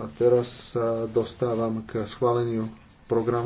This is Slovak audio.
A teraz sa dostávam k schváleniu programu.